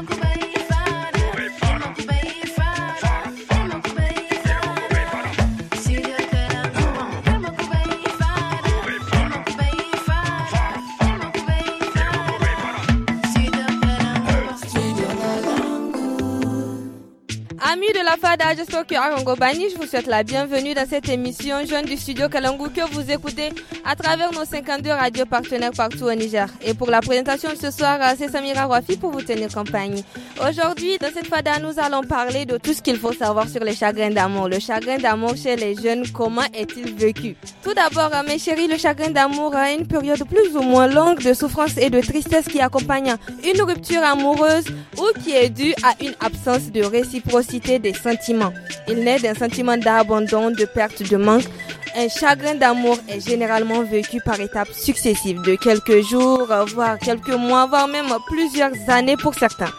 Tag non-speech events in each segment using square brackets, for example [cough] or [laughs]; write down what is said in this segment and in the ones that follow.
Welcome back. Fada, j'espère que je vous souhaite la bienvenue dans cette émission Jeune du studio Kalangu que vous écoutez à travers nos 52 radios partenaires partout au Niger. Et pour la présentation de ce soir, euh, c'est Samira Wafi pour vous tenir compagnie. Aujourd'hui, dans cette Fada, nous allons parler de tout ce qu'il faut savoir sur les chagrins d'amour. Le chagrin d'amour chez les jeunes, comment est-il vécu Tout d'abord, euh, mes chéris, le chagrin d'amour a euh, une période plus ou moins longue de souffrance et de tristesse qui accompagne une rupture amoureuse ou qui est due à une absence de réciprocité des sens il naît d'un sentiment d'abandon, de perte, de manque. Un chagrin d'amour est généralement vécu par étapes successives de quelques jours, voire quelques mois, voire même plusieurs années pour certains.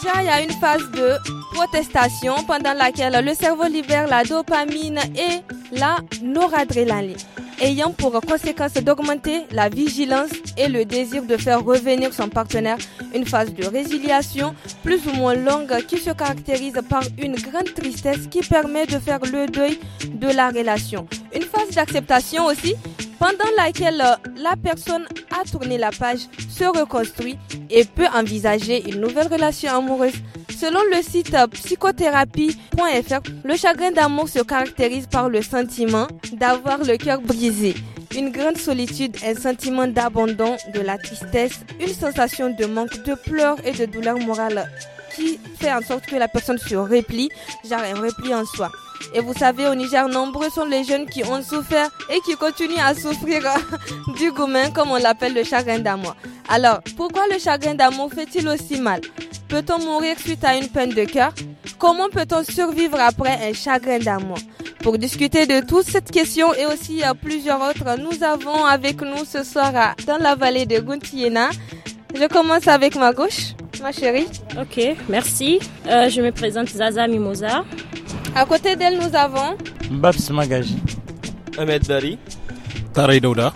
Déjà, il y a une phase de protestation pendant laquelle le cerveau libère la dopamine et la noradrénaline ayant pour conséquence d'augmenter la vigilance et le désir de faire revenir son partenaire, une phase de résiliation plus ou moins longue qui se caractérise par une grande tristesse qui permet de faire le deuil de la relation. Une phase d'acceptation aussi pendant laquelle euh, la personne a tourné la page, se reconstruit et peut envisager une nouvelle relation amoureuse. Selon le site euh, psychothérapie.fr, le chagrin d'amour se caractérise par le sentiment d'avoir le cœur brisé, une grande solitude, un sentiment d'abandon, de la tristesse, une sensation de manque de pleurs et de douleur morale qui fait en sorte que la personne se replie, genre un repli en soi. Et vous savez, au Niger, nombreux sont les jeunes qui ont souffert et qui continuent à souffrir [laughs] du goumen, comme on l'appelle le chagrin d'amour. Alors, pourquoi le chagrin d'amour fait-il aussi mal Peut-on mourir suite à une peine de cœur Comment peut-on survivre après un chagrin d'amour Pour discuter de toute cette question et aussi euh, plusieurs autres, nous avons avec nous ce soir euh, dans la vallée de Guntiena. Je commence avec ma gauche, ma chérie. Ok, merci. Euh, je me présente Zaza Mimosa. À côté d'elle, nous avons Babs Magaji, Ahmed Dari, Tarei Douda,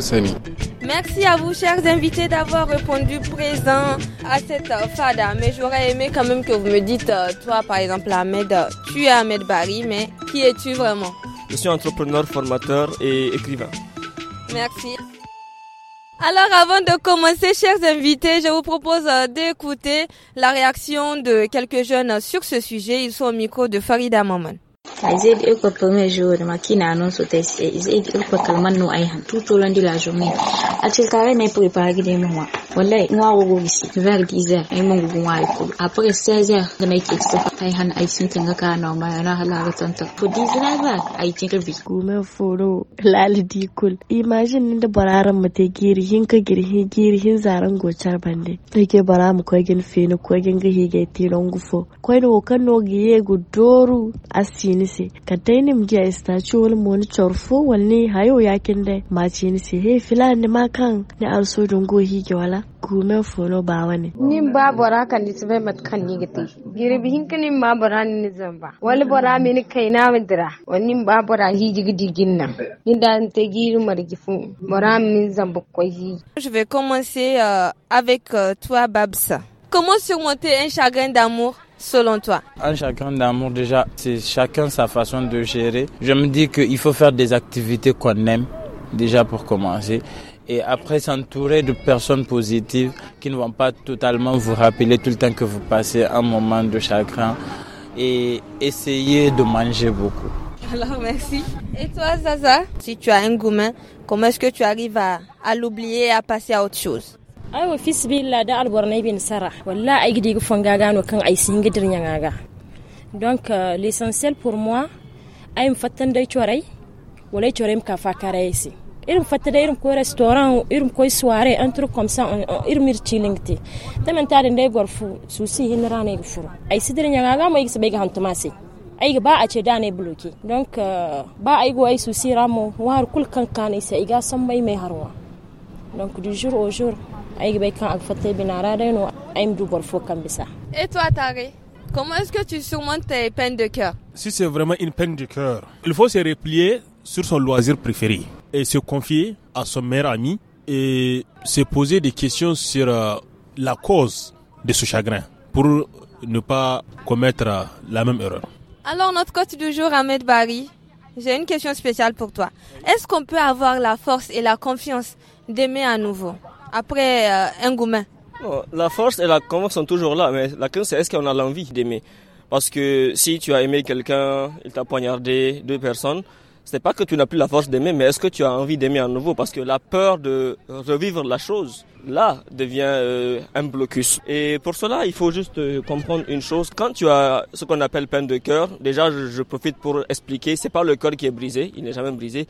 Sani. Merci à vous, chers invités, d'avoir répondu présent à cette fada. Mais j'aurais aimé quand même que vous me dites, euh, toi par exemple, Ahmed, euh, tu es Ahmed Bari, mais qui es-tu vraiment Je suis entrepreneur, formateur et écrivain. Merci. Alors avant de commencer, chers invités, je vous propose euh, d'écouter la réaction de quelques jeunes sur ce sujet. Ils sont au micro de Farida Maman. Aized e ko premier jour ma na n'annonce au test et aized e ko kalman no ay han tout au long de la journée. Atil carré n'est préparé des mois. Wallahi in wawo gobe si vers 10h ai mun gugun waye ko après 16h da nake tsofa kai han ai sun tinga ka na ma yana halaga tanta ko 10h ba ai tinga bi kuma foro lalidi kul imagine da bararan mu te girhin ka giri, girhin zaran gocar bande yake bara mu ko gin fini ko gin gahi ga tilon gufo ko da kan no giye gudoru asini ni se ka tainim giya istaci wal mon chorfo walni hayo yakinde dai se he filan ni makan ni arso dungo hi wala gume fono ba wani nin ba bora kan ni tsabe mat ni gite kan bora ni zamba wal bora mini kaina wadira wannan ba bora hi jigidi ginna ni da te giru margifu bora mi zamba je vais commencer euh, avec euh, toi babsa comment surmonter un chagrin d'amour selon toi Un chagrin d'amour, déjà, c'est chacun sa façon de gérer. Je me dis qu'il faut faire des activités qu'on aime, déjà pour commencer. Et après, s'entourer de personnes positives qui ne vont pas totalement vous rappeler tout le temps que vous passez un moment de chagrin. Et essayer de manger beaucoup. Alors, merci. Et toi, Zaza, si tu as un gourmand, comment est-ce que tu arrives à, à l'oublier et à passer à autre chose ayo fisbilla da albornay bin sara walla ay gidi fonga gano kan ay singidir dirnya donc euh, l'essentiel pour moi ay mfatan dai chorai wala chorem ka fa karaisi irum fatta da irum ko restaurant irum ko soirée un truc comme ça irum chillingti tamen tare ndai gorfu susi hinra ne gfuru ay sidirnya ngaga mo igse be ga hantumasi aiga ba a ce da ne bloke Donc, euh, ba ay go ay su sira war kul kan kan isa iga san mai harwa donc du jour au jour et toi, Tari, comment est-ce que tu surmontes tes peines de cœur Si c'est vraiment une peine de cœur, il faut se replier sur son loisir préféré et se confier à son meilleur ami et se poser des questions sur euh, la cause de ce chagrin pour ne pas commettre euh, la même erreur. Alors notre coach du jour, Ahmed Barry, j'ai une question spéciale pour toi. Est-ce qu'on peut avoir la force et la confiance d'aimer à nouveau après euh, un oh, La force et la confiance sont toujours là, mais la question c'est est-ce qu'on a l'envie d'aimer Parce que si tu as aimé quelqu'un, il t'a poignardé, deux personnes, c'est pas que tu n'as plus la force d'aimer, mais est-ce que tu as envie d'aimer à nouveau Parce que la peur de revivre la chose, là, devient euh, un blocus. Et pour cela, il faut juste euh, comprendre une chose. Quand tu as ce qu'on appelle peine de cœur, déjà, je, je profite pour expliquer, c'est pas le cœur qui est brisé, il n'est jamais brisé,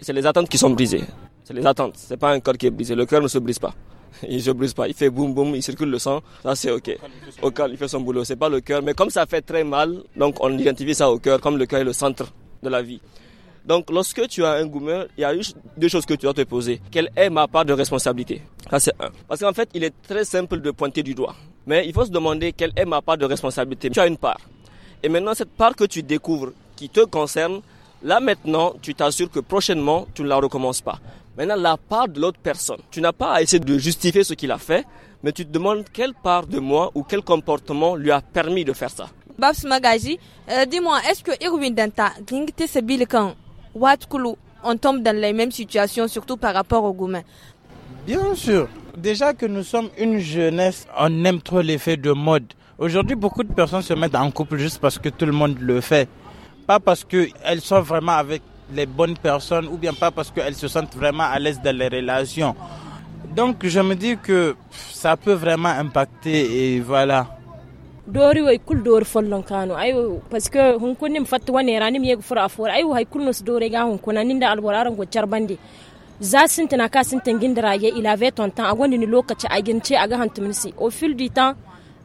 c'est les attentes qui sont brisées c'est les attentes. C'est pas un corps qui est brisé. Le cœur ne se brise pas. [laughs] Il ne se brise pas. Il fait boum boum, il circule le sang. Ça, c'est OK. Au cœur, il fait son boulot. n'est pas le cœur. Mais comme ça fait très mal, donc on identifie ça au cœur, comme le cœur est le centre de la vie. Donc, lorsque tu as un goumeur, il y a deux choses que tu dois te poser. Quelle est ma part de responsabilité Ça, c'est un. Parce qu'en fait, il est très simple de pointer du doigt. Mais il faut se demander quelle est ma part de responsabilité. Tu as une part. Et maintenant, cette part que tu découvres, qui te concerne, là maintenant, tu t'assures que prochainement, tu ne la recommences pas. Maintenant, la part de l'autre personne. Tu n'as pas à essayer de justifier ce qu'il a fait, mais tu te demandes quelle part de moi ou quel comportement lui a permis de faire ça. Babs Magaji, euh, dis-moi, est-ce que Irwin Danta, Gingte Watkulu, on tombe dans les mêmes situations, surtout par rapport au gourmets Bien sûr. Déjà que nous sommes une jeunesse, on aime trop l'effet de mode. Aujourd'hui, beaucoup de personnes se mettent en couple juste parce que tout le monde le fait. Pas parce qu'elles sont vraiment avec les bonnes personnes ou bien pas parce qu'elles se sentent vraiment à l'aise dans les relations. Donc je me dis que ça peut vraiment impacter et voilà. doori way kul doori follon kano ay parce que hun kunni mfatti wani rani mi yegu fura afora ay hay kulnos doori ga hun kuna ninda alwararan go charbandi za sintina ka sintin gindira ye il avait ton temps a wani lokaci a gince a ga au fil du temps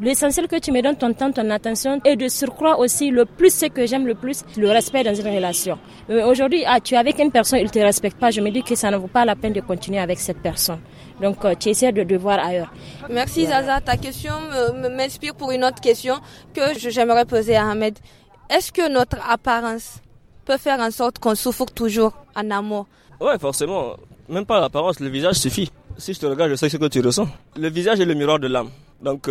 l'essentiel que tu me donnes ton temps, ton attention et de surcroît aussi le plus, ce que j'aime le plus, le respect dans une relation. Euh, aujourd'hui, ah, tu es avec une personne, il ne te respecte pas, je me dis que ça ne vaut pas la peine de continuer avec cette personne. Donc, euh, tu essaies de, devoir voir ailleurs. Merci Zaza. Ta question euh, m'inspire pour une autre question que j'aimerais poser à Ahmed. Est-ce que notre apparence peut faire en sorte qu'on souffre toujours en amour Ouais, forcément. Même pas l'apparence, le visage suffit. Si je te regarde, je sais ce que tu ressens. Le visage est le miroir de l'âme. Donc,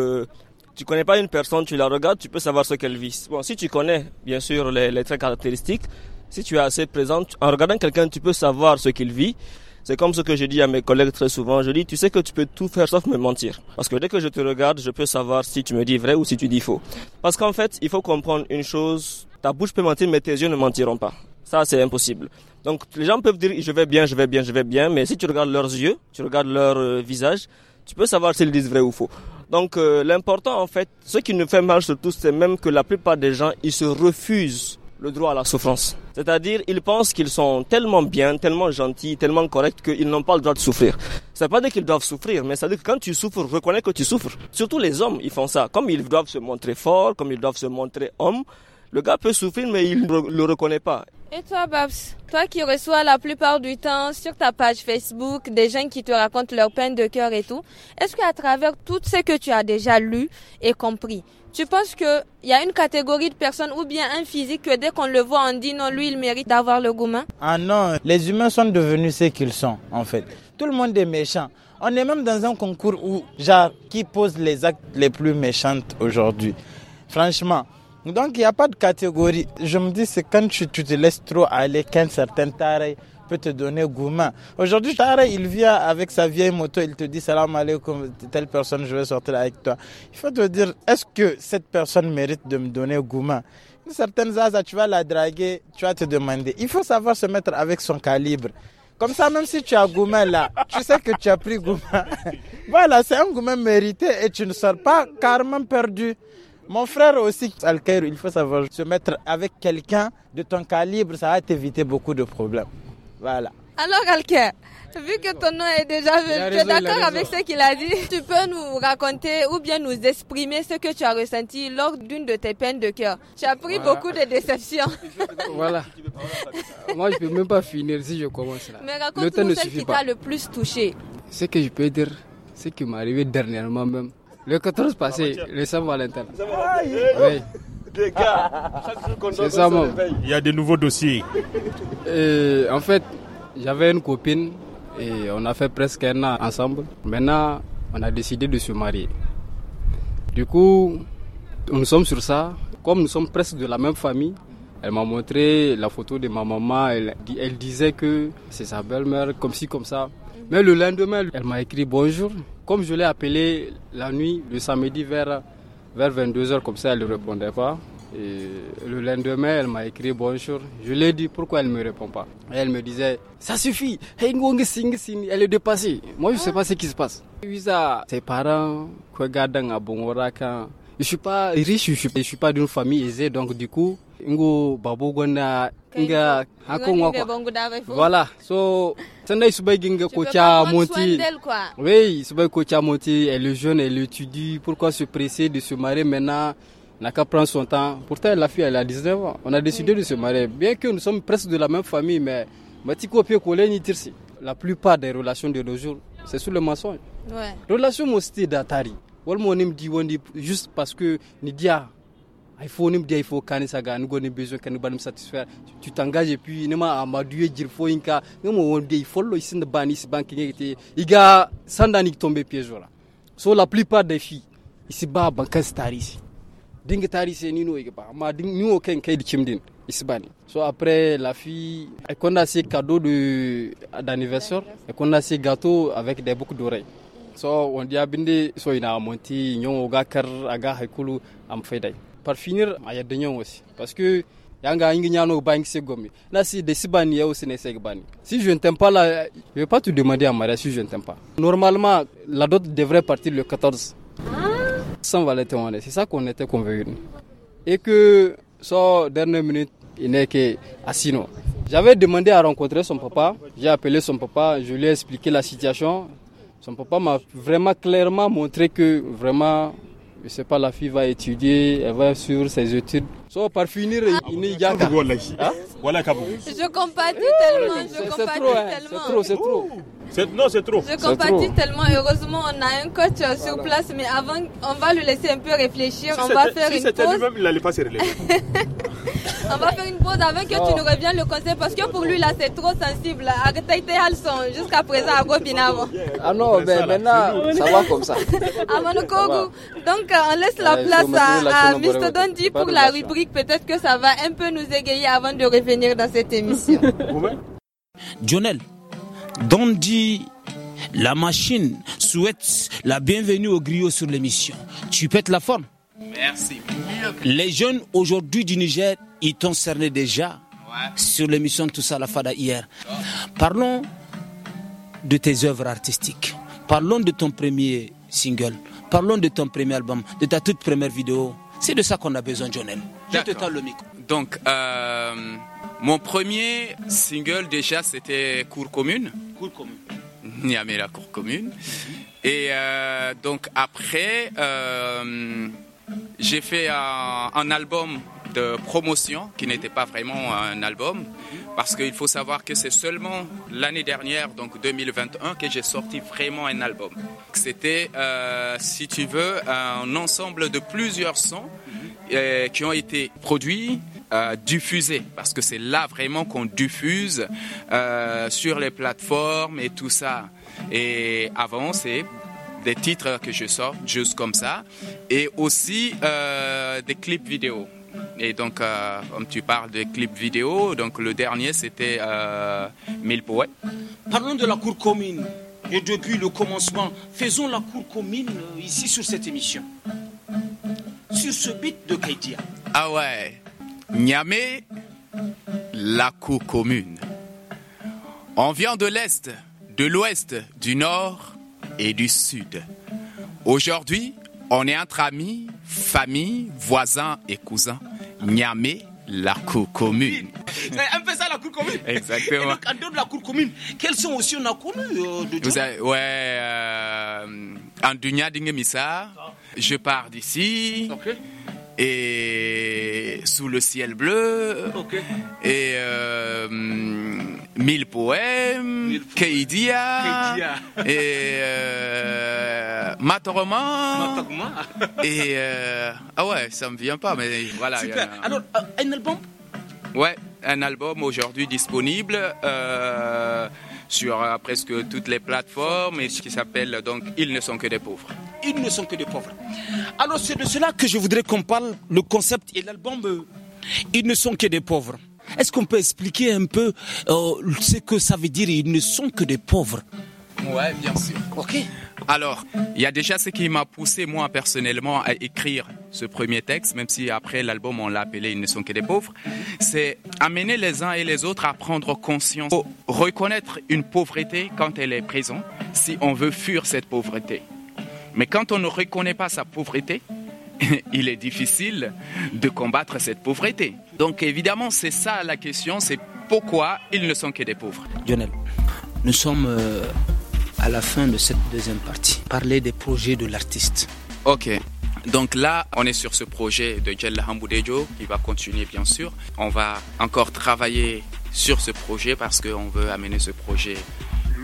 tu connais pas une personne, tu la regardes, tu peux savoir ce qu'elle vit. Bon, si tu connais, bien sûr, les, traits caractéristiques, si tu es assez présent, en regardant quelqu'un, tu peux savoir ce qu'il vit. C'est comme ce que je dis à mes collègues très souvent. Je dis, tu sais que tu peux tout faire sauf me mentir. Parce que dès que je te regarde, je peux savoir si tu me dis vrai ou si tu dis faux. Parce qu'en fait, il faut comprendre une chose. Ta bouche peut mentir, mais tes yeux ne mentiront pas. Ça, c'est impossible. Donc, les gens peuvent dire, je vais bien, je vais bien, je vais bien. Mais si tu regardes leurs yeux, tu regardes leur euh, visage, tu peux savoir s'ils disent vrai ou faux. Donc euh, l'important en fait, ce qui nous fait mal surtout, c'est même que la plupart des gens, ils se refusent le droit à la souffrance. C'est-à-dire, ils pensent qu'ils sont tellement bien, tellement gentils, tellement corrects qu'ils n'ont pas le droit de souffrir. C'est pas dire qu'ils doivent souffrir, mais cest à dire que quand tu souffres, reconnais que tu souffres. Surtout les hommes, ils font ça. Comme ils doivent se montrer forts, comme ils doivent se montrer hommes, le gars peut souffrir, mais il ne le reconnaît pas. Et toi, Babs, toi qui reçois la plupart du temps sur ta page Facebook des gens qui te racontent leurs peines de cœur et tout, est-ce qu'à travers tout ce que tu as déjà lu et compris, tu penses qu'il y a une catégorie de personnes ou bien un physique que dès qu'on le voit, on dit non, lui, il mérite d'avoir le gourmand hein? Ah non, les humains sont devenus ce qu'ils sont, en fait. Tout le monde est méchant. On est même dans un concours où, genre, qui pose les actes les plus méchants aujourd'hui Franchement, donc il n'y a pas de catégorie. Je me dis, c'est quand tu, te laisses trop aller qu'un certain taré peut te donner gourmand. Aujourd'hui, taré, il vient avec sa vieille moto, il te dit salam alaikum, telle personne, je vais sortir avec toi. Il faut te dire, est-ce que cette personne mérite de me donner gourmand Une certaine zaza, tu vas la draguer, tu vas te demander. Il faut savoir se mettre avec son calibre. Comme ça, même si tu as gourmand là, tu sais que tu as pris gourmand. [laughs] voilà, c'est un gourmand mérité et tu ne sors pas carrément perdu. Mon frère aussi, al il faut savoir se mettre avec quelqu'un de ton calibre, ça va t'éviter beaucoup de problèmes. Voilà. Alors, Alker, vu que ton nom est déjà venu, tu es d'accord avec ce qu'il a dit Tu peux nous raconter ou bien nous exprimer ce que tu as ressenti lors d'une de tes peines de cœur. Tu as pris beaucoup de déceptions. [laughs] voilà. Moi, je ne peux même pas finir si je commence là. Mais raconte-nous ce qui t'a le plus touché. Ce que je peux dire, c'est qui m'est arrivé dernièrement même. Le 14 passé, le Saint-Valentin. Oui. Des gars, ça, mon... Il y a des nouveaux dossiers. Euh, en fait, j'avais une copine et on a fait presque un an ensemble. Maintenant, on a décidé de se marier. Du coup, nous sommes sur ça. Comme nous sommes presque de la même famille, elle m'a montré la photo de ma maman. Elle, elle disait que c'est sa belle-mère, comme ci, comme ça. Mais le lendemain, elle m'a écrit bonjour. Comme je l'ai appelé la nuit, le samedi vers, vers 22h, comme ça, elle ne répondait pas. Et le lendemain, elle m'a écrit bonjour. Je lui ai dit pourquoi elle ne me répond pas. elle me disait Ça suffit, elle est dépassée. Moi, je ne sais pas ce qui se passe. Ses parents, je suis pas riche, je ne suis pas d'une famille aisée, donc du coup, voilà. So, Tandai Subayginga Kocha Monti. Oui, Subay Kocha Monti, elle est jeune, elle étudie. Pourquoi se presser de se marier maintenant n'a qu'à prendre son temps. Pourtant, la fille, elle a 19 ans. On a décidé de se marier. Bien que nous sommes presque de la même famille, mais Matiko ni La plupart des relations de nos jours, c'est sous le mensonge. Ouais. Relation Mosti d'Atari. Walmonim dit juste parce que Nidia ay fo nim dey fo kani saga nous avons besoin nous banim satisfaire tu t'engages et puis m'a amadoué ah, dir fo inka nemo won dey follo isin était il y a iga sandani tomber piège wala so la plupart des filles ici ba staris starisi dinga tarise ni no igba amma ding ni o ken chimdin ici Isbani. So après, la fille, elle a ses cadeaux d'anniversaire, elle a ses gâteaux avec des boucles d'oreilles. So on dit abinde so ina monti nyon oga kar aga haikulu am faidai par finir a des gens aussi parce que yanga en train de se là si de yow aussi ne se si je ne t'aime pas là je vais pas te demander à mariage si je ne t'aime pas normalement la dot devrait partir le 14 sans témoigner c'est ça qu'on était convenu et que la dernière minute il n'est que Assino j'avais demandé à rencontrer son papa j'ai appelé son papa je lui ai expliqué la situation son papa m'a vraiment clairement montré que vraiment je sais pas, la fille va étudier, elle va suivre ses études. So par finir il n'y a Kabou. Je compatis tellement, je compatis hein. tellement. C'est trop, c'est trop. Non, c'est trop. Je compatis tellement. Heureusement, on a un coach sur place, mais avant, on va le laisser un peu réfléchir. on va faire une pause. lui-même, il n'allait pas se relever. [laughs] on va faire une pause avant que tu nous reviennes le conseil, parce que pour lui, là, c'est trop sensible. Arrêtez Halson, jusqu'à présent, à Gobinavo. Oh, ah non, ben, maintenant, ça va comme ça. [laughs] Donc, euh, on laisse la place à, Mr. Dondi pour la reprise peut-être que ça va un peu nous égayer avant de revenir dans cette émission. Jonel, [laughs] Dondi, la machine souhaite la bienvenue au griot sur l'émission. Tu pètes la forme Merci. Les jeunes aujourd'hui du Niger, ils t'ont cerné déjà sur l'émission Tout ça la Fada hier. Parlons de tes œuvres artistiques. Parlons de ton premier single. Parlons de ton premier album, de ta toute première vidéo. C'est de ça qu'on a besoin, Jonel. Je te tends le micro. Donc, euh, mon premier single, déjà, c'était Cour commune. Cour commune. Niamey, la Cour commune. Et euh, donc, après, euh, j'ai fait un, album de promotion qui n'était pas vraiment un album parce qu'il faut savoir que c'est seulement l'année dernière, donc 2021, que j'ai sorti vraiment un album. C'était, euh, si tu veux, un ensemble de plusieurs sons euh, qui ont été produits, euh, diffusés parce que c'est là vraiment qu'on diffuse sur les plateformes et tout ça. Et avant, c'est des titres que je sors juste comme ça et aussi des clips vidéo. Et donc, euh, comme tu parles de clips vidéo, donc le dernier c'était euh, Mille poètes. Parlons de la cour commune. Et depuis le commencement, faisons la cour commune euh, ici sur cette émission. Sur ce beat de Kaïdia. Ah ouais, Niamey, la cour commune. On vient de l'Est, de l'Ouest, du Nord et du Sud. Aujourd'hui, on est entre amis, famille, voisins et cousins. Niamey, la cour commune. C'est un peu ça la cour commune. Exactement. Et donc, en dehors de la cour commune, quelles sont aussi on a connu euh, de Vous avez, Ouais, euh, Andunya Dingemissa, je pars d'ici. Ok et Sous le ciel bleu, et euh, Mille poèmes, Mille Keidia, et euh, et euh, ah ouais, ça me vient pas, mais voilà. Super. Alors, euh, un album Ouais, un album aujourd'hui disponible sur euh, presque toutes les plateformes et ce qui s'appelle donc Ils ne sont que des pauvres. Ils ne sont que des pauvres. Alors c'est de cela que je voudrais qu'on parle, le concept et l'album euh, Ils ne sont que des pauvres. Est-ce qu'on peut expliquer un peu euh, ce que ça veut dire Ils ne sont que des pauvres Ouais, bien sûr. Ok. Alors, il y a déjà ce qui m'a poussé, moi, personnellement, à écrire ce premier texte, même si après l'album, on l'a appelé Ils ne sont que des pauvres, c'est amener les uns et les autres à prendre conscience, reconnaître une pauvreté quand elle est présente, si on veut fuir cette pauvreté. Mais quand on ne reconnaît pas sa pauvreté, [laughs] il est difficile de combattre cette pauvreté. Donc évidemment, c'est ça la question, c'est pourquoi ils ne sont que des pauvres. Lionel, nous sommes... Euh, à la fin de cette deuxième partie, parler des projets de l'artiste. Ok. Donc là, on est sur ce projet de Jella Hamboudejo qui va continuer bien sûr. On va encore travailler sur ce projet parce qu'on veut amener ce projet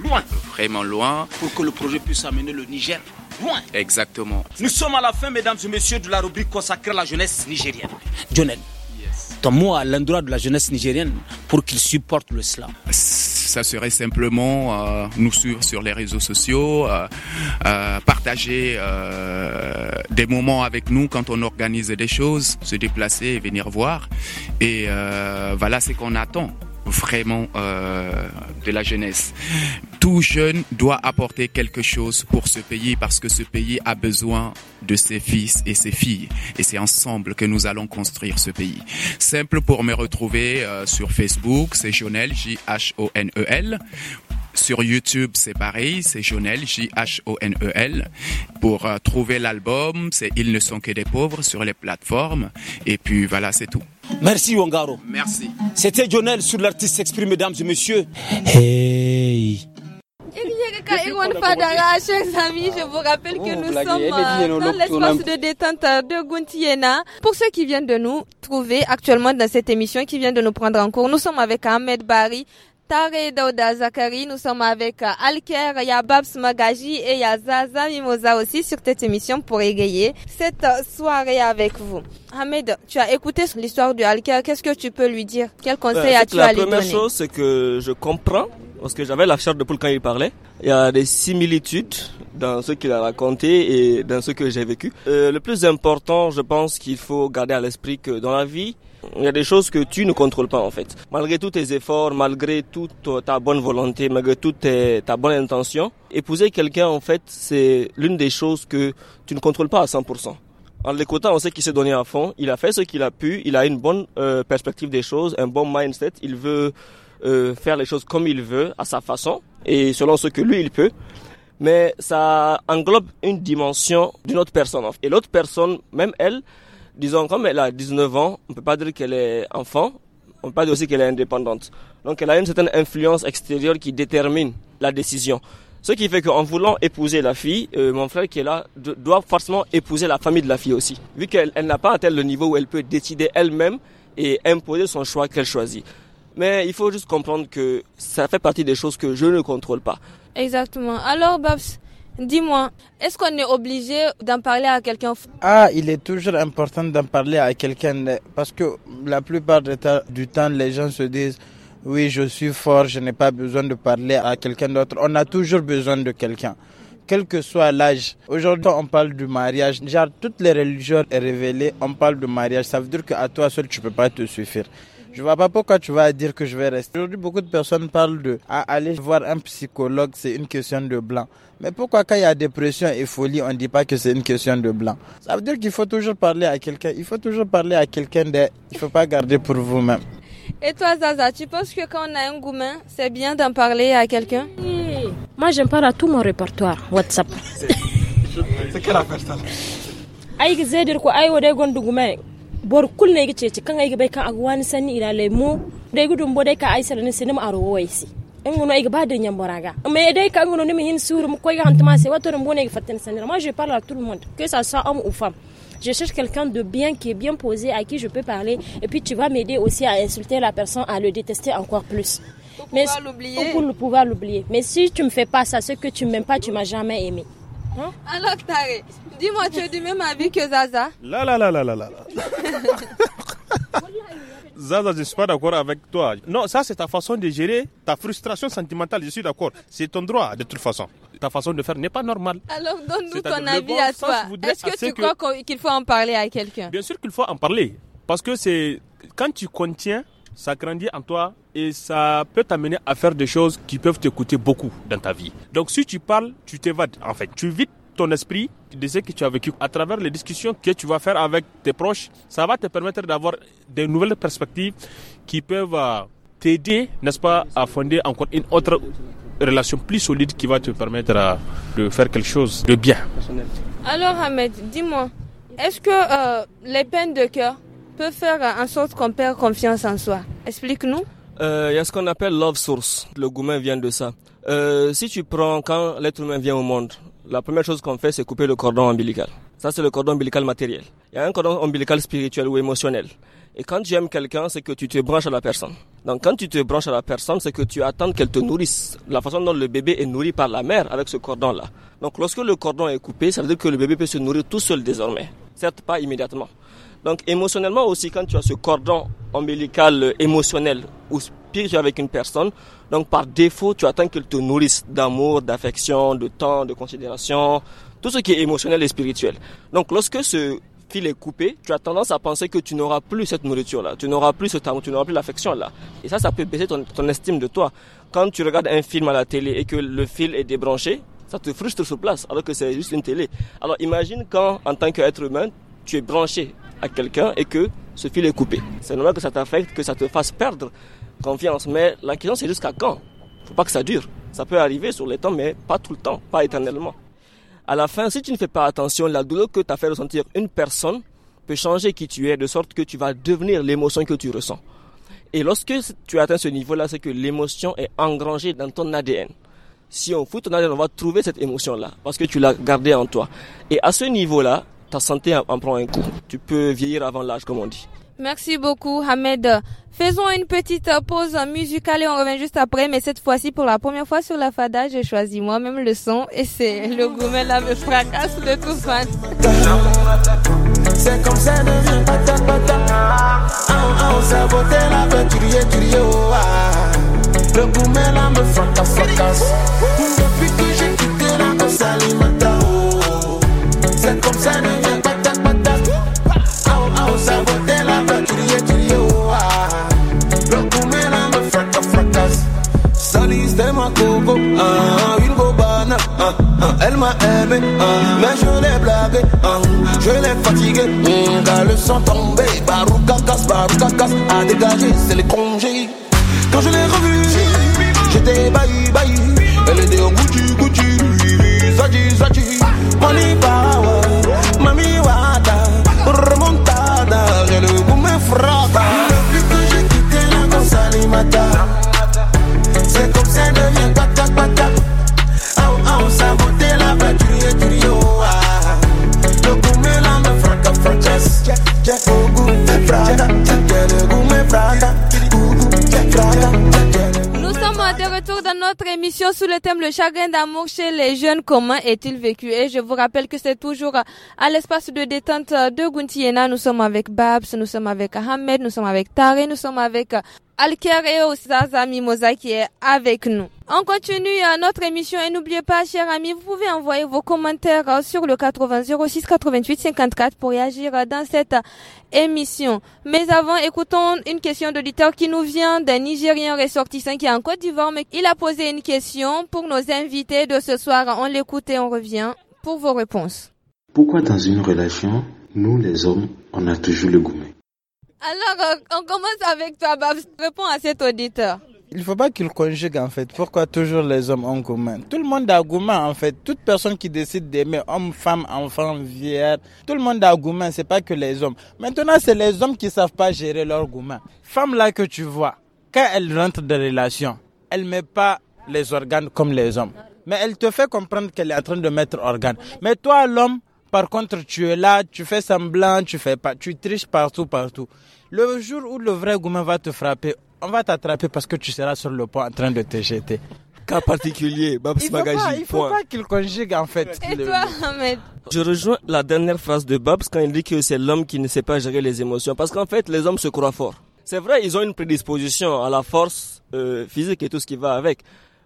loin. Vraiment loin. Pour que le projet puisse amener le Niger loin. Exactement. Nous sommes à la fin, mesdames et messieurs, de la rubrique consacrée à la jeunesse nigérienne. Jonel, yes. ton mot à l'endroit de la jeunesse nigérienne pour qu'il supporte le slam ça serait simplement euh, nous suivre sur les réseaux sociaux, euh, euh, partager des moments avec nous quand on organise des choses, se déplacer et venir voir. Et voilà ce qu'on attend vraiment euh, de la jeunesse. Tout jeune doit apporter quelque chose pour ce pays parce que ce pays a besoin de ses fils et ses filles. Et c'est ensemble que nous allons construire ce pays. Simple pour me retrouver euh, sur Facebook, c'est Jonel, J-H-O-N-E-L. Sur YouTube, c'est pareil, c'est Jonel, J-H-O-N-E-L. Pour euh, trouver l'album, c'est Ils ne sont que des pauvres sur les plateformes. Et puis voilà, c'est tout. Merci Wangaro. Merci. C'était Jonel sur l'artiste s'exprime, mesdames et messieurs. Hey. Eh chers amis, je vous rappelle que oh, nous sommes euh, dans l'espace de détente euh, de Guntiena. Pour ceux qui viennent de nous trouver actuellement dans cette émission, qui viennent de nous prendre en cours, nous sommes avec Ahmed Barry, Tare Dauda Zakari, nous sommes avec euh, Alker, Yababs Magaji et Yazaza Mimosa aussi sur cette émission pour égayer cette euh, soirée avec vous. Ahmed, tu as écouté l'histoire du Alker, qu'est-ce que tu peux lui dire Quel conseil euh, as-tu à lui donner La première chose, c'est que je comprends, parce que j'avais la chair de poule quand il parlait. Il y a des similitudes dans ce qu'il a raconté et dans ce que j'ai vécu. le plus important, je pense qu'il faut garder à l'esprit que dans la vie, il y a des choses que tu ne contrôles pas en fait. Malgré tous tes efforts, malgré toute ta bonne volonté, malgré toute ta bonne intention, épouser quelqu'un en fait, c'est l'une des choses que tu ne contrôles pas à 100%. En l'écoutant, on sait qu'il s'est donné à fond, il a fait ce qu'il a pu, il a une bonne euh, perspective des choses, un bon mindset, il veut euh, faire les choses comme il veut, à sa façon, et selon ce que lui, il peut. Mais ça englobe une dimension d'une autre personne. Et l'autre personne, même elle, disons, comme elle a 19 ans, on ne peut pas dire qu'elle est enfant, on peut pas dire aussi qu'elle est indépendante. Donc elle a une certaine influence extérieure qui détermine la décision. Ce qui fait qu'en voulant épouser la fille, euh, mon frère qui est là doit forcément épouser la famille de la fille aussi. Vu qu'elle n'a pas atteint le niveau où elle peut décider elle-même et imposer son choix qu'elle choisit. Mais il faut juste comprendre que ça fait partie des choses que je ne contrôle pas. Exactement. Alors, Babs, Dis-moi, est-ce qu'on est obligé d'en parler à quelqu'un Ah, il est toujours important d'en parler à quelqu'un parce que la plupart du temps, les gens se disent oui, je suis fort, je n'ai pas besoin de parler à quelqu'un d'autre. On a toujours besoin de quelqu'un. Quel que soit l'âge. Aujourd'hui, on parle du mariage. Genre, toutes les religions révélées, on parle de mariage. Ça veut dire qu'à toi seul, tu ne peux pas te suffire. Je vois pas pourquoi tu vas dire que je vais rester. Aujourd'hui, beaucoup de personnes parlent de à aller voir un psychologue, c'est une question de blanc. Mais pourquoi quand il y a dépression et folie, on ne dit pas que c'est une question de blanc Ça veut dire qu'il faut toujours parler à quelqu'un. Il faut toujours parler à quelqu'un Il faut pas garder pour vous-même. Et toi, Zaza, tu penses que quand on a un gourmand, c'est bien d'en parler à quelqu'un Moi, j'en parle à tout mon répertoire WhatsApp. c'est quelle affaire ça bor kulne igi cece kan ayi bai kan agwani sani ila lemu dai gudun bo dai ka aisar ne sinima aro waisi ngono ba de nyam boraga mais dai ka ngono nimi hin suru mu koy hantama se watoro mbone igi fatten sanira moi je parle à tout le monde que ça soit homme ou femme je cherche quelqu'un de bien qui est bien posé à qui je peux parler et puis tu vas m'aider aussi à insulter la personne à le détester encore plus pour mais pouvoir l'oublier pour pouvoir l'oublier mais si tu me fais pas ça ce que tu m'aimes pas tu m'as jamais aimé Hein? Alors, Taré, dis-moi, tu es du même avis que Zaza Là, là, là, là, là, [laughs] Zaza, je ne suis pas d'accord avec toi. Non, ça, c'est ta façon de gérer ta frustration sentimentale. Je suis d'accord. C'est ton droit, de toute façon. Ta façon de faire n'est pas normale. Alors, donne-nous ton avis à toi. Est-ce que tu crois qu'il faut en parler à quelqu'un Bien sûr qu'il faut en parler. Parce que c'est quand tu contiens ça grandit en toi et ça peut t'amener à faire des choses qui peuvent te coûter beaucoup dans ta vie. Donc si tu parles, tu t'évades en fait. Tu vides ton esprit de ce que tu as vécu. À travers les discussions que tu vas faire avec tes proches, ça va te permettre d'avoir de nouvelles perspectives qui peuvent euh, t'aider, n'est-ce pas, à fonder encore une autre relation plus solide qui va te permettre euh, de faire quelque chose de bien. Alors Ahmed, dis-moi, est-ce que euh, les peines de cœur peut faire en sorte qu'on perd confiance en soi Explique-nous. Euh, il y a ce qu'on appelle love source. Le gourmet vient de ça. Euh, si tu prends quand l'être humain vient au monde, la première chose qu'on fait, c'est couper le cordon ombilical. Ça, c'est le cordon ombilical matériel. Il y a un cordon ombilical spirituel ou émotionnel. Et quand tu aimes quelqu'un, c'est que tu te branches à la personne. Donc quand tu te branches à la personne, c'est que tu attends qu'elle te nourrisse. La façon dont le bébé est nourri par la mère avec ce cordon-là. Donc lorsque le cordon est coupé, ça veut dire que le bébé peut se nourrir tout seul désormais. Certes, pas immédiatement. Donc émotionnellement aussi, quand tu as ce cordon ombilical euh, émotionnel ou spirituel avec une personne, donc par défaut, tu attends qu'elle te nourrisse d'amour, d'affection, de temps, de considération, tout ce qui est émotionnel et spirituel. Donc lorsque ce fil est coupé, tu as tendance à penser que tu n'auras plus cette nourriture-là, tu n'auras plus ce temps, tu n'auras plus l'affection-là. Et ça, ça peut baisser ton estime de toi. Quand tu regardes un film à la télé et que le fil est débranché, ça te frustre sur place, alors que c'est juste une télé. Alors imagine quand, en tant qu'être humain, tu es branché à quelqu'un et que ce fil est coupé. C'est normal que ça t'affecte, que ça te fasse perdre confiance. Mais la question, c'est jusqu'à quand Faut pas que ça dure. Ça peut arriver sur les temps, mais pas tout le temps, pas éternellement. À la fin, si tu ne fais pas attention, la douleur que t'as fait ressentir une personne peut changer qui tu es, de sorte que tu vas devenir l'émotion que tu ressens. Et lorsque tu atteins ce niveau-là, c'est que l'émotion est engrangée dans ton ADN. Si on fout ton ADN, on va trouver cette émotion-là, parce que tu l'as gardée en toi. Et à ce niveau-là, ta santé en prend un coup. Tu peux vieillir avant l'âge, comme on dit. Merci beaucoup, Hamed. Faisons une petite pause musicale et on revient juste après, mais cette fois-ci, pour la première fois sur la Fada, j'ai choisi moi-même le son et c'est le gourmet là me fracasse de tout fan. C'est comme ça, Le gourmet là me fracasse, Depuis que j'ai quitté la c'est comme ça, ne vient pas tac, pas Aou Ah, ah, ça va la bête, tu dis, tu dis, oh, ah. Le là me fracas, fracas. Salis de ma coco, ah, une bobana, ah, ah, elle m'a aimé, ah, mais je l'ai blagué, ah, je l'ai fatigué, mm, car le sang tombé, barouka, casse, barouka, casse, A dégager, c'est les congés. Quand je l'ai revu, j'étais bailli, bailli, elle était au goût du goût du, ça dit, ça dit, notre émission sous le thème Le chagrin d'amour chez les jeunes, comment est-il vécu Et je vous rappelle que c'est toujours à l'espace de détente de Guntiena. Nous sommes avec Babs, nous sommes avec Ahmed, nous sommes avec Tare, nous sommes avec Alker et aussi Mimosa qui est avec nous. On continue à notre émission et n'oubliez pas, chers amis, vous pouvez envoyer vos commentaires sur le 80 06 88 54 pour réagir dans cette émission. Mais avant, écoutons une question d'auditeur qui nous vient d'un Nigérien ressortissant qui est en Côte d'Ivoire, mais il a posé une question pour nos invités de ce soir. On l'écoute et on revient pour vos réponses. Pourquoi dans une relation, nous les hommes, on a toujours le gourmet Alors, euh, on commence avec toi, Babs. Réponds à cet auditeur. Il ne faut pas qu'il conjugue en fait. Pourquoi toujours les hommes en gourmand? Tout le monde a gourmand en fait. Toute personne qui décide d'aimer, homme, femme, enfant, vierge, tout le monde a gourmand. C'est pas que les hommes. Maintenant, c'est les hommes qui savent pas gérer leur gourmand. Femme là que tu vois, quand elle rentre dans relation, elle met pas les organes comme les hommes. Mais elle te fait comprendre qu'elle est en train de mettre organes. Mais toi, l'homme, par contre, tu es là, tu fais semblant, tu fais pas, tu triches partout, partout. Le jour où le vrai gourmand va te frapper, on va t'attraper parce que tu seras sur le pont en train de te jeter. Cas particulier, Babs Il ne faut, pas qu'il conjugue en fait. Et toi, Ahmed Je rejoins la dernière phrase de Babs quand il dit que c'est l'homme qui ne sait pas gérer les émotions. Parce qu'en fait, les hommes se croient forts. C'est vrai, ils ont une prédisposition à la force euh, physique et tout ce qui va avec.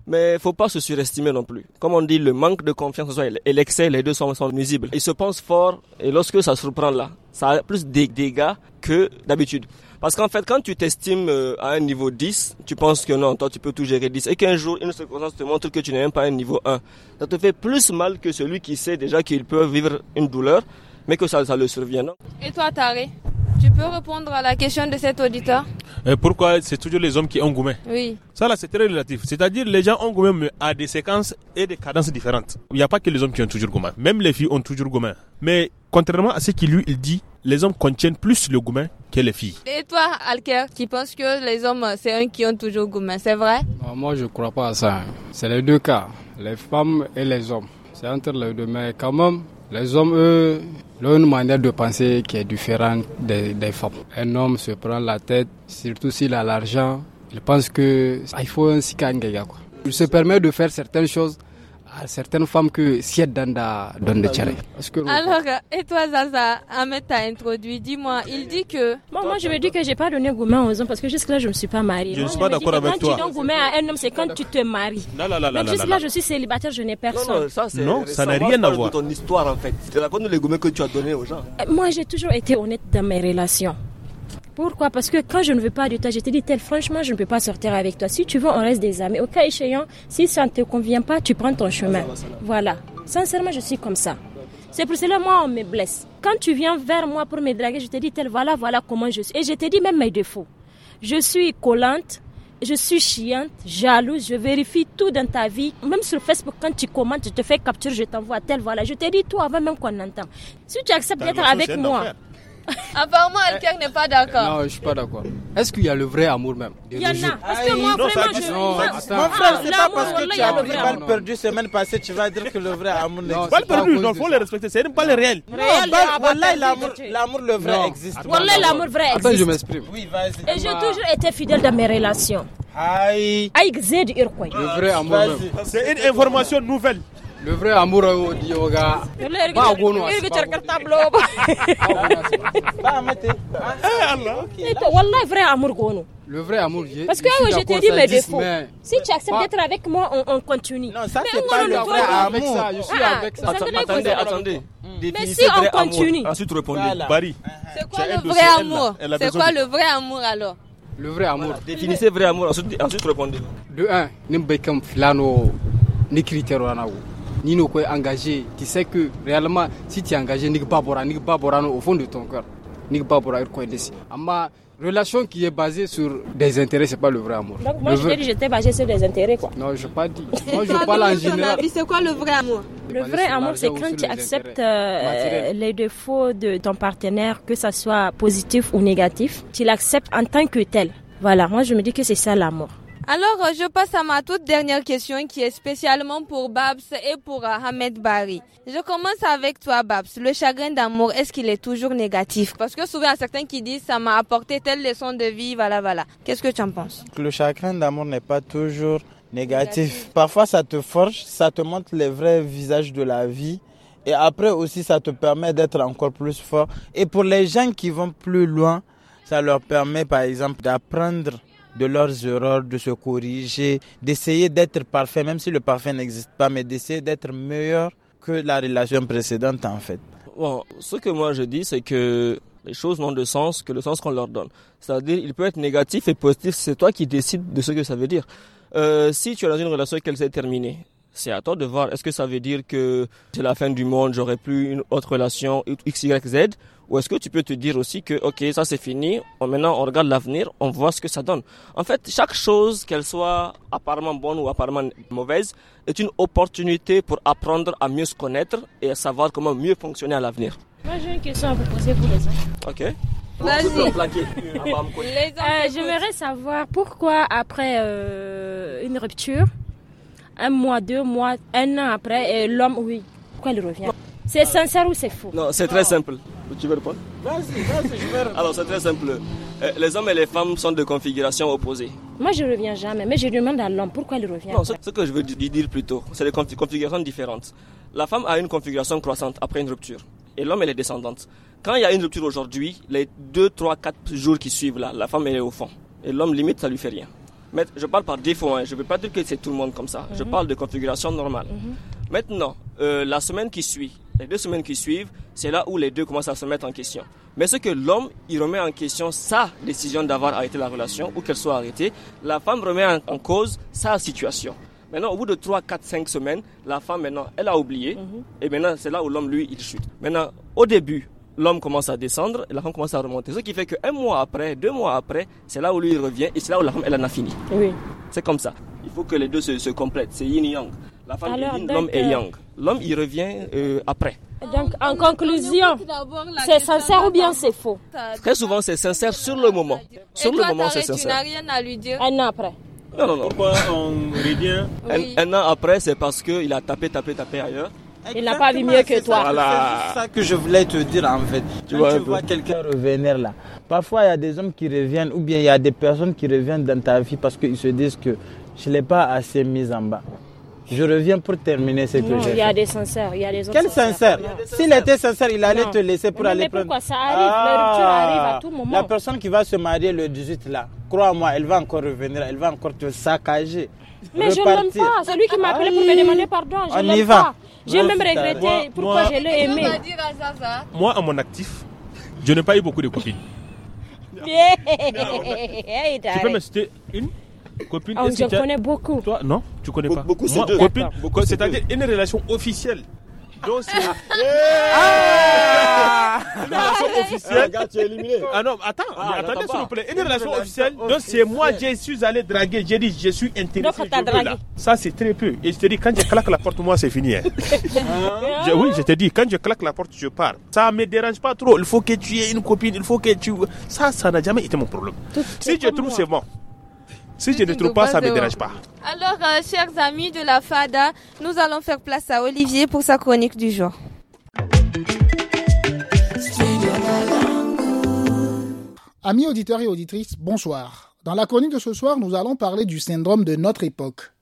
Mais il faut pas se surestimer non plus. Comme on dit, le manque de confiance et l'excès, les deux sont, sont nuisibles. Ils se pensent forts et lorsque ça se reprend là, ça a plus de dégâts que d'habitude. Parce qu'en fait, quand tu t'estimes euh, à un niveau 10, tu penses que non, toi tu peux tout gérer 10. Et qu'un jour, une circonstance te montre que tu n'es même pas à un niveau 1. Ça te fait plus mal que celui qui sait déjà qu'il peut vivre une douleur, mais que ça, ça le survient. Et toi, Taré tu peux répondre à la question de cet auditeur euh, Pourquoi c'est toujours les hommes qui ont goumé Oui. Ça là, c'est très relatif. C'est-à-dire les gens ont gommé mais à des séquences et des cadences différentes. Il n'y a pas que les hommes qui ont toujours gommé. Même les filles ont toujours goumet Mais contrairement à ce qu'il lui il dit, les hommes contiennent plus le gourmet que les filles. Et toi, Alker, qui penses que les hommes, c'est eux qui ont toujours gourmet, c'est vrai Moi, je ne crois pas à ça. C'est les deux cas, les femmes et les hommes. C'est entre les deux, mais quand même, les hommes, eux, ont une manière de penser qui est différente des, femmes. Un homme se prend la tête, surtout s'il a l'argent, il pense que ah, il faut un sikangéga. Il se permet de faire certaines choses ah, certaines femmes que si elles donnent de ah, tchare. Alors, et toi, Zaza, Ahmed t'a introduit, dis-moi, il dit que. moi, je me dis que j'ai pas donné gourmet aux hommes parce que jusque-là, je me suis pas mariée. Je ne suis pas d'accord avec toi. Quand tu donnes gourmet à un homme, c'est quand tu te maries. Non, non, non, non. Jusque-là, je suis célibataire, je n'ai personne. Non, ça n'a rien à voir. c'est ton histoire, en fait. Tu racontes les gourmets que tu as donnés aux gens. Euh, moi, j'ai toujours été honnête dans mes relations. Pourquoi Parce que quand je ne veux pas de toi, je te dis, tel, franchement, je ne peux pas sortir avec toi. Si tu veux, on reste des amis. Au cas échéant, si ça ne te convient pas, tu prends ton chemin. Voilà. Sincèrement, je suis comme ça. C'est pour cela, moi, on me blesse. Quand tu viens vers moi pour me draguer, je te dis, tel, voilà, voilà comment je suis. Et je te dis même mes défauts. Je suis collante, je suis chiante, jalouse, je vérifie tout dans ta vie. Même sur Facebook, quand tu commentes, je te fais capture, je t'envoie tel, voilà. Je te dis tout avant même qu'on entend. Si tu acceptes d'être avec moi. [laughs] Apparemment, Alker n'est pas d'accord. Non, je suis pas d'accord. Est-ce qu'il y a le vrai amour même Il y en a. Parce que moi, non, vraiment, Mon frère, c'est pas parce que tu as pris balle perdue semaine passée, tu vas dire que le vrai amour n'existe pas. Balle perdu non, faut le respecter. C'est une balle réelle. l'amour, le vrai existe. Voilà, l'amour vrai existe. Attends, je m'exprime. Oui, vas-y. Et j'ai toujours été fidèle dans mes relations. Aïe. Aïe, Zed Irkoy. Le vrai amour. C'est une information nouvelle. Le vrai amour euh, au yoga. Le vrai amour gono. Le vrai amour, Parce que je, t'ai dit mes défauts. Si tu acceptes d'être avec moi, on, continue. Non, ça, c'est pas le vrai amour. Ça, je suis ah, avec ça. attendez, attendez. Mais si on continue. Ensuite, répondez. Barry. Ah, ah. C'est quoi le vrai amour C'est quoi le vrai amour alors Le vrai amour. Voilà. Définissez vrai amour, ensuite, ensuite répondez. De un, nous sommes filano, ni critères Nino quoi engagé, tu sais que réellement si tu es engagé, pas n'est au fond de ton cœur. N'est pas est quoi ici. relation qui est basée sur des intérêts, c'est pas le vrai amour. Donc moi je t'ai dit j'étais basé sur des intérêts quoi. Non, je pas dit. [laughs] Moi je parle en général. C'est quoi le vrai amour Le vrai amour c'est quand tu acceptes euh, les défauts de ton partenaire, que ça soit positif ou négatif, tu l'acceptes en tant que tel. Voilà, moi je me dis que c'est ça l'amour. Alors, euh, je passe à ma toute dernière question qui est spécialement pour Babs et pour euh, Ahmed Bari. Je commence avec toi, Babs. Le chagrin d'amour, est-ce qu'il est toujours négatif Parce que souvent, il certains qui disent ça m'a apporté telle leçon de vie, voilà, voilà. Qu'est-ce que tu en penses Le chagrin d'amour n'est pas toujours négatif. Parfois, ça te forge, ça te montre les vrais visages de la vie. Et après aussi, ça te permet d'être encore plus fort. Et pour les gens qui vont plus loin, ça leur permet, par exemple, d'apprendre de leurs erreurs, de se corriger, d'essayer d'être parfait, même si le parfait n'existe pas, mais d'essayer d'être meilleur que la relation précédente en fait. Bon, ce que moi je dis, c'est que les choses n'ont de sens que le sens qu'on leur donne. C'est-à-dire, il peut être négatif et positif, c'est toi qui décides de ce que ça veut dire. Euh, si tu es dans une relation et qu'elle s'est terminée, c'est à toi de voir, est-ce que ça veut dire que c'est la fin du monde, j'aurai plus une autre relation, X, Y, Z, ou est-ce que tu peux te dire aussi que, OK, ça c'est fini, maintenant on regarde l'avenir, on voit ce que ça donne. En fait, chaque chose, qu'elle soit apparemment bonne ou apparemment mauvaise, est une opportunité pour apprendre à mieux se connaître et à savoir comment mieux fonctionner à l'avenir. Moi j'ai une question à vous poser pour les autres. OK. Vas-y. Ah, bah, euh, j'aimerais savoir pourquoi après euh, une rupture, un mois, deux mois, un an après, l'homme, oui, pourquoi il revient c'est sincère ou c'est faux Non, c'est très simple. Tu veux répondre Vas-y, vas-y, je vais répondre. Alors, c'est très simple. Euh, les hommes et les femmes sont de configuration opposée. Moi, je ne reviens jamais, mais je demande à l'homme pourquoi il revient. Non, ce, que je veux dire plutôt, c'est des configurations différentes. La femme a une configuration croissante après une rupture, et l'homme, elle est descendante. Quand il y a une rupture aujourd'hui, les 2, 3, 4 jours qui suivent, là, la femme, elle est au fond. Et l'homme, limite, ça lui fait rien. Mais je parle par défaut, hein, je ne veux pas dire que c'est tout le monde comme ça. Je mhm. parle de configuration normale. Mhm. Maintenant, euh, la semaine qui suit, les deux semaines qui suivent, c'est là où les deux commencent à se mettre en question. Mais ce que l'homme, il remet en question sa décision d'avoir arrêté la relation ou qu'elle soit arrêtée, la femme remet en, cause sa situation. Maintenant, au bout de 3, 4, 5 semaines, la femme, maintenant, elle a oublié. Mhm. Et maintenant, c'est là où l'homme, lui, il chute. Maintenant, au début, l'homme commence à descendre et la femme commence à remonter. Ce qui fait qu'un mois après, deux mois après, c'est là où lui revient et c'est là où la femme elle en a fini. Oui. C'est comme ça. Il faut que les deux se, complètent. C'est yin-yang. La femme est yin, l'homme est yang l'homme il revient euh, après. Donc en conclusion, c'est sincère ou bien c'est faux Très souvent c'est sincère sur le moment. Sur le moment c'est sincère. Tu rien à lui dire. Un an après. Non, non, non. Pourquoi on un, an après, c'est parce qu'il a tapé, tapé, tapé ailleurs. Il n'a pas vu mieux que toi. Voilà. C'est ça que je voulais te dire en fait. Tu vois, quelqu'un revenir là. Parfois, il y a des hommes qui reviennent ou bien il y a des personnes qui reviennent dans ta vie parce qu'ils se disent que je ne l'ai pas assez mise en bas. Je reviens pour terminer ce que Il y a des sincères, il y a des Quel sincère S'il était sincère, il allait te laisser pour mais aller mais Pourquoi ça arrive ah, arrive à ah, tout moment. La personne qui va se marier le 18 là, crois-moi, elle va encore revenir, elle va encore te saccager. Mais je ne l'aime pas. Celui qui m'a appelé pour me demander pardon, je ne l'aime pas. J'ai même regretté pourquoi je l'ai aimé. Moi, à mon actif, je n'ai pas eu beaucoup de copines. [laughs] tu peux me citer une Copine, ah, je connais beaucoup. Toi, non, tu connais pas. Beaucoup, c'est deux. c'est-à-dire une relation officielle. Donc c'est. Ah. Ah. une relation officielle. Regarde, éliminé. Ah non, attends, attends, s'il vous plaît. Une relation officielle. Donc c'est moi, je suis allé draguer. J'ai dit, je suis intéressé. Donc t'as dragué. Ça c'est très peu. Et je te dis, quand je claque la porte, moi c'est fini. Hein. [laughs] oui, je te dis, quand je claque la porte, je pars. Ça ne me dérange pas trop. Il faut que tu aies une copine. Il faut que tu. Ça, ça n'a jamais été mon problème. si je trouve, c'est bon. Si je ne trouve pas, ça ne me dérange pas. Alors, euh, chers amis de la FADA, nous allons faire place à Olivier pour sa chronique du jour. Amis auditeurs et auditrices, bonsoir. Dans la chronique de ce soir, nous allons parler du syndrome de notre époque.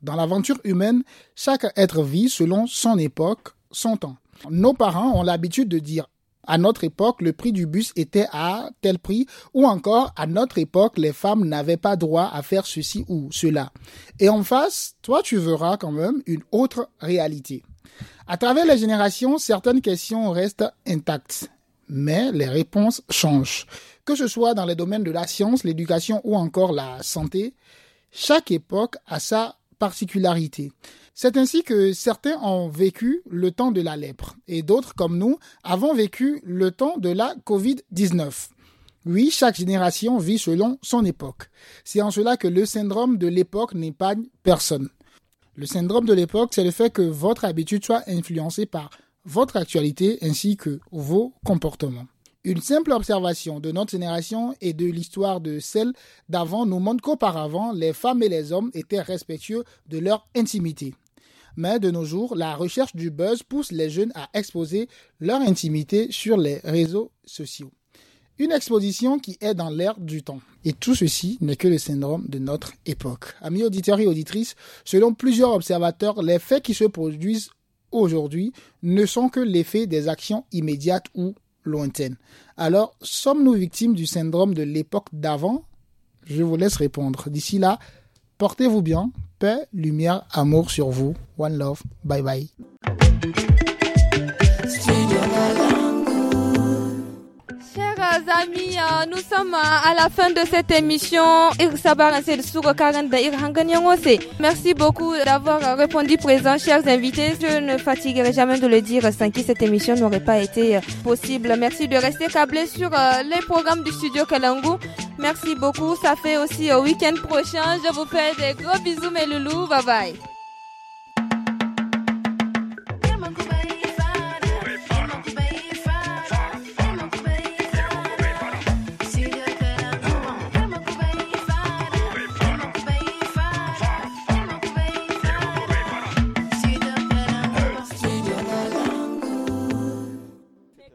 Dans l'aventure humaine, chaque être vit selon son époque, son temps. Nos parents ont l'habitude de dire à notre époque, le prix du bus était à tel prix, ou encore, à notre époque, les femmes n'avaient pas droit à faire ceci ou cela. Et en face, toi, tu verras quand même une autre réalité. À travers les générations, certaines questions restent intactes, mais les réponses changent. Que ce soit dans les domaines de la science, l'éducation ou encore la santé, chaque époque a sa Particularité. C'est ainsi que certains ont vécu le temps de la lèpre et d'autres, comme nous, avons vécu le temps de la COVID-19. Oui, chaque génération vit selon son époque. C'est en cela que le syndrome de l'époque n'épargne personne. Le syndrome de l'époque, c'est le fait que votre habitude soit influencée par votre actualité ainsi que vos comportements. Une simple observation de notre génération et de l'histoire de celle d'avant nous montre qu'auparavant, les femmes et les hommes étaient respectueux de leur intimité. Mais de nos jours, la recherche du buzz pousse les jeunes à exposer leur intimité sur les réseaux sociaux. Une exposition qui est dans l'air du temps. Et tout ceci n'est que le syndrome de notre époque. Amis auditeurs et auditrices, selon plusieurs observateurs, les faits qui se produisent aujourd'hui ne sont que l'effet des actions immédiates ou lointaine. Alors, sommes-nous victimes du syndrome de l'époque d'avant Je vous laisse répondre. D'ici là, portez-vous bien. Paix, lumière, amour sur vous. One love. Bye bye. amis, euh, nous sommes euh, à la fin de cette émission. Merci beaucoup d'avoir euh, répondu présent, chers invités. Je ne fatiguerai jamais de le dire sans qui cette émission n'aurait pas été possible. Merci de rester câblé sur les programmes du studio Kalangu. Merci beaucoup. Ça fait aussi au week-end prochain. Je vous fais des gros bisous, mes loulous. Bye bye.